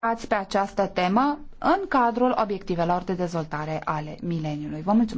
ați pe această temă în cadrul obiectivelor de dezvoltare ale mileniului. Vă mulțumesc!